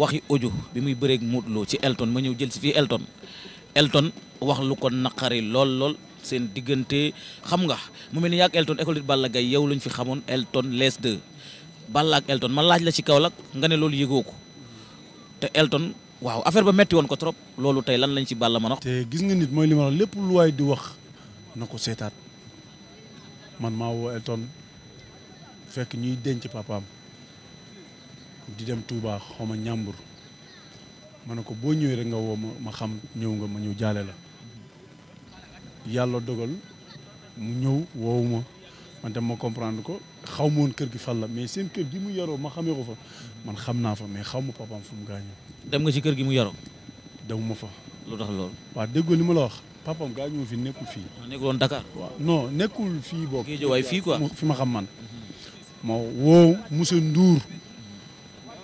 waxi ojo bi muy bëreeg Modou ci Elton ma ñëw jël si fii Elton Elton wax lu ko naqari lool lool seen diggante xam nga mu mel ni yaag Elton école de Balla Gaye yow lañ fi xamoon Elton les deux Balla ak Elton ma laaj la ci Kaolack nga ne loolu yégoo ko te Elton waaw affaire ba metti woon ko trop loolu tey lan lañ ci Balla mën a te gis nga nit mooy li ma lépp lu waay di wax na ko seetaat man maa woo Elton fekk ñuy denc papaam di dem Touba xaw ma ñàmbur ma ne ko boo ñëwee rek nga woo ma ma xam ñëw nga ma ñëw jaale la yàlla dogal mu ñëw wow ma man tam ma comprendre ko xaw ma woon kër gi fan la mais seen kër gi mu yaroo ma xamee ko fa man xam naa fa mais xaw ma papaam fu mu gaañoo. dem nga ci kër gi mu yaroo. dem ma fa. lu tax loolu. waaw déggoo li ma la wax. papam gaañoo fi nekku fii. Ah, nekkul woon non nekkul fi bokk. géej waay fii quoi fi ma xam man. moo woo Moussa Ndour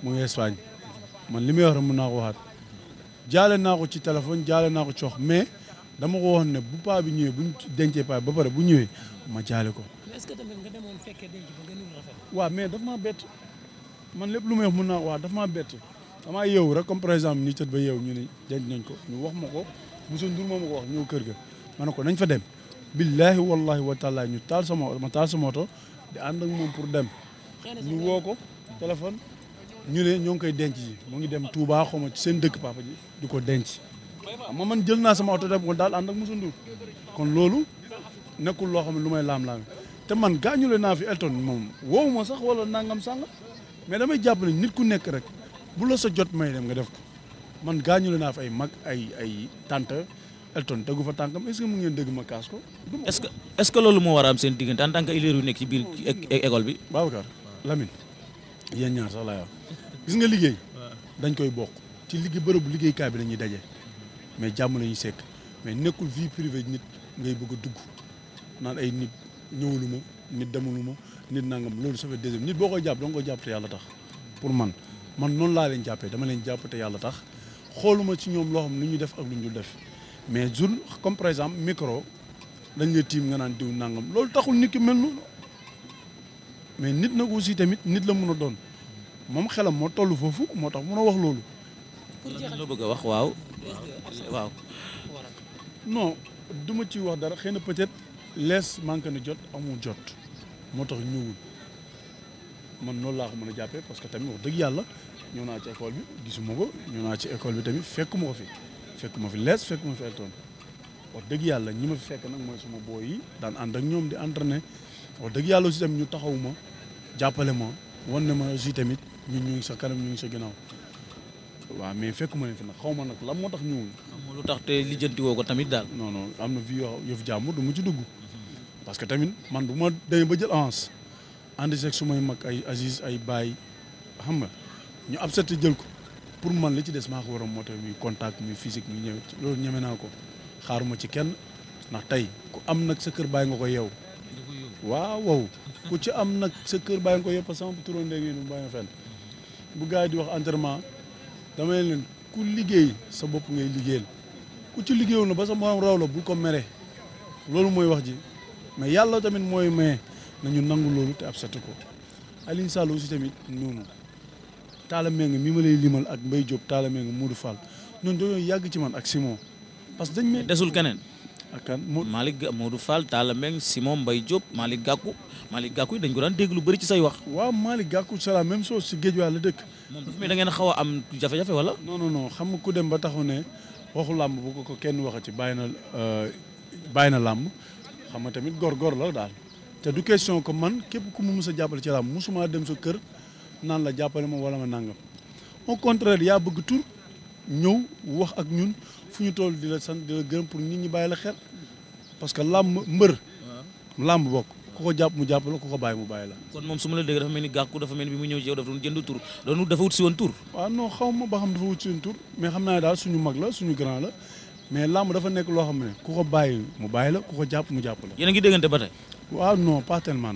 mu ngi man li muy wax rek mun naa ko waxaat jaale naa ko ci téléphone jaale naa ko ci wax mais dama ko wax ne bu paa bi ñëwee bu ñu dencee paa ba pare bu ñëwee ma jaale ko. est-ce que tamit nga demoon fekkee denc ba gënul rafet. waaw mais daf maa bett man lépp lu may wax mun naa ko wax daf maa bett damaa yeewu rek comme par exemple ñu tët ba yeewu ñu ne denc nañ ko ñu wax ma ko monsieur Ndour moo ma ko wax ñëw kër ga ma ne ko nañ fa dem. billahi wallahi wa taala ñu taal sama ma taal sama oto di ànd ak moom pour dem. ñu woo ko téléphone. ñu ne ñoo ngi koy denc ji mu ngi dem Touba xaw ci seen dëkk paapa ji di ko denc ma man jël naa sama oto dem ko daal ànd ak Moussa Ndour kon loolu nekkul loo xam ne lu may laam-laam te man gaañule naa fi Elton moom woowu ma sax wala nangam sànga mais damay jàpp nit ku nekk rek bu la sa jot may dem nga def ko man gaañule naa fi ay mag ay ay tante Elton tegu fa tànkam est-ce mu ngeen dégg ma kaas ko. est loolu moo war a am seen diggante en tant que élève nekk ci biir école bi. baa Babacar Lamine. yéen ñaar sax laa wax gis nga liggéey dañ koy bokk ci liggéey bërëbu liggéeykaay bi la ñuy daje mais jàmm la ñuy sekk mais nekkul vie privée nit ngay bëgg a dugg naan ay nit ñëwuluma nit demuluma nit nangam loolu ça fait deuxième nit boo koy jàpp danga koy jàpp te yàlla tax pour man man noonu laa leen jàppee dama leen jàpp te yàlla tax xooluma ci ñoom loo xam lu ñu def ak lu ñu dul def mais jour comme par exemple micro dañ nga tiim nga naan diw nangam loolu taxul nit mel noonu mais nit nag aussi tamit nit la mun a doon moom xelam moo tollu foofu moo tax mun a wax loolu. lan la bëgg a wax waaw. waaw. non du ma ci wax dara xëy na peut-être lees manque na jot amul jot moo tax ñëwul man noonu laa ko mën a jàppee parce que tamit wax dëgg yàlla ñëw naa ci école bi gisuma ko ñëw naa ci école bi tamit fekkuma ko fi fekk ma fi lees fekkuma fi Elton wax dëgg yàlla ñi ma fi fekk nag mooy suma booy yi daan ànd ak ñoom di entraîner. wax dëgg yàlla aussi tamit ñu taxaw ma jàppale ma wan ne ma aussi tamit ñun ñu ngi sa kanam ñu ngi sa ginnaaw waaw mais fekk ne fi nag xaw ma nag lan moo tax ñëwul. lu tax te lijjanti woo ko tamit daal. non non am na vie yoo yëf jàmbur du ci dugg parce que tamit man duma ma ba jël avance ànd seeg su may mag ay Aziz ay baay xam nga ñu absente jël ko pour man li ci des maa ko war a moo muy contact muy physique muy ñëw loolu ñeme naa ko xaaruma ci kenn ndax tey ku am nag sa kër bàyyi nga ko yow. waaw waaw ku ci am nag sa kër bàyyi nga ko yëpp sama turóon léegi du bàyyi fenn bu gars yi di wax entraînement dama leen ku liggéey sa bopp ngay liggéeyal ku ci liggéeyul na ba sa morom raw la bu ko mere loolu mooy wax ji mais yàlla tamit mooy na nañu nangu loolu te absatu ko Alioune Sall aussi tamit noonu Talla Mbengue mi ma lay limal ak Mbaye Diop Talla Mbengue Modou Fall ñoom dañoo yàgg ci man ak Simon parce que dañ may desul keneen ak kan Malick Modou Fall Talla Meng Simon Mbaye Diop Malick Gakou Malick Gakou yi dañ ko daan dégg lu bari ci say wax. waaw Malick Gakou c'est la même chose si géej waay la dëkk. moom dafa mel da xaw am jafe-jafe wala. non non xam nga ku dem ba taxu ne waxu làmb bu ko ko kenn waxati bàyyi na euh, bàyyi na làmb xam nga tamit góor-góor la daal. te du question que man képp ku mu mus a jàppale ci làmb musuma dem sa kër naan la jàppale ma wala ma nangam au contraire yaa bëgg tur ñëw wax ak ñun. fu ñu toll di la sant di la gërëm pour nit ñi bàyyi la xel parce que làmb mbër làmb bokk ku ko jàpp mu jàpp la ku ko bàyyi mu bàyyi la kon moom su ma la dégg dafa mel ni gàkku dafa mel ni bi mu ñëw ci yow dafa doon jënd tur doonu dafa wut si woon tur waaw non xaw ma ba xam dafa wut si woon tur mais xam naa ne daal suñu mag la suñu grand la mais làmb dafa nekk loo xam ne ku ko bàyyi mu bàyyi la ku ko jàpp mu jàpp la yéen a ngi déggante ba tey waaw non pas tellement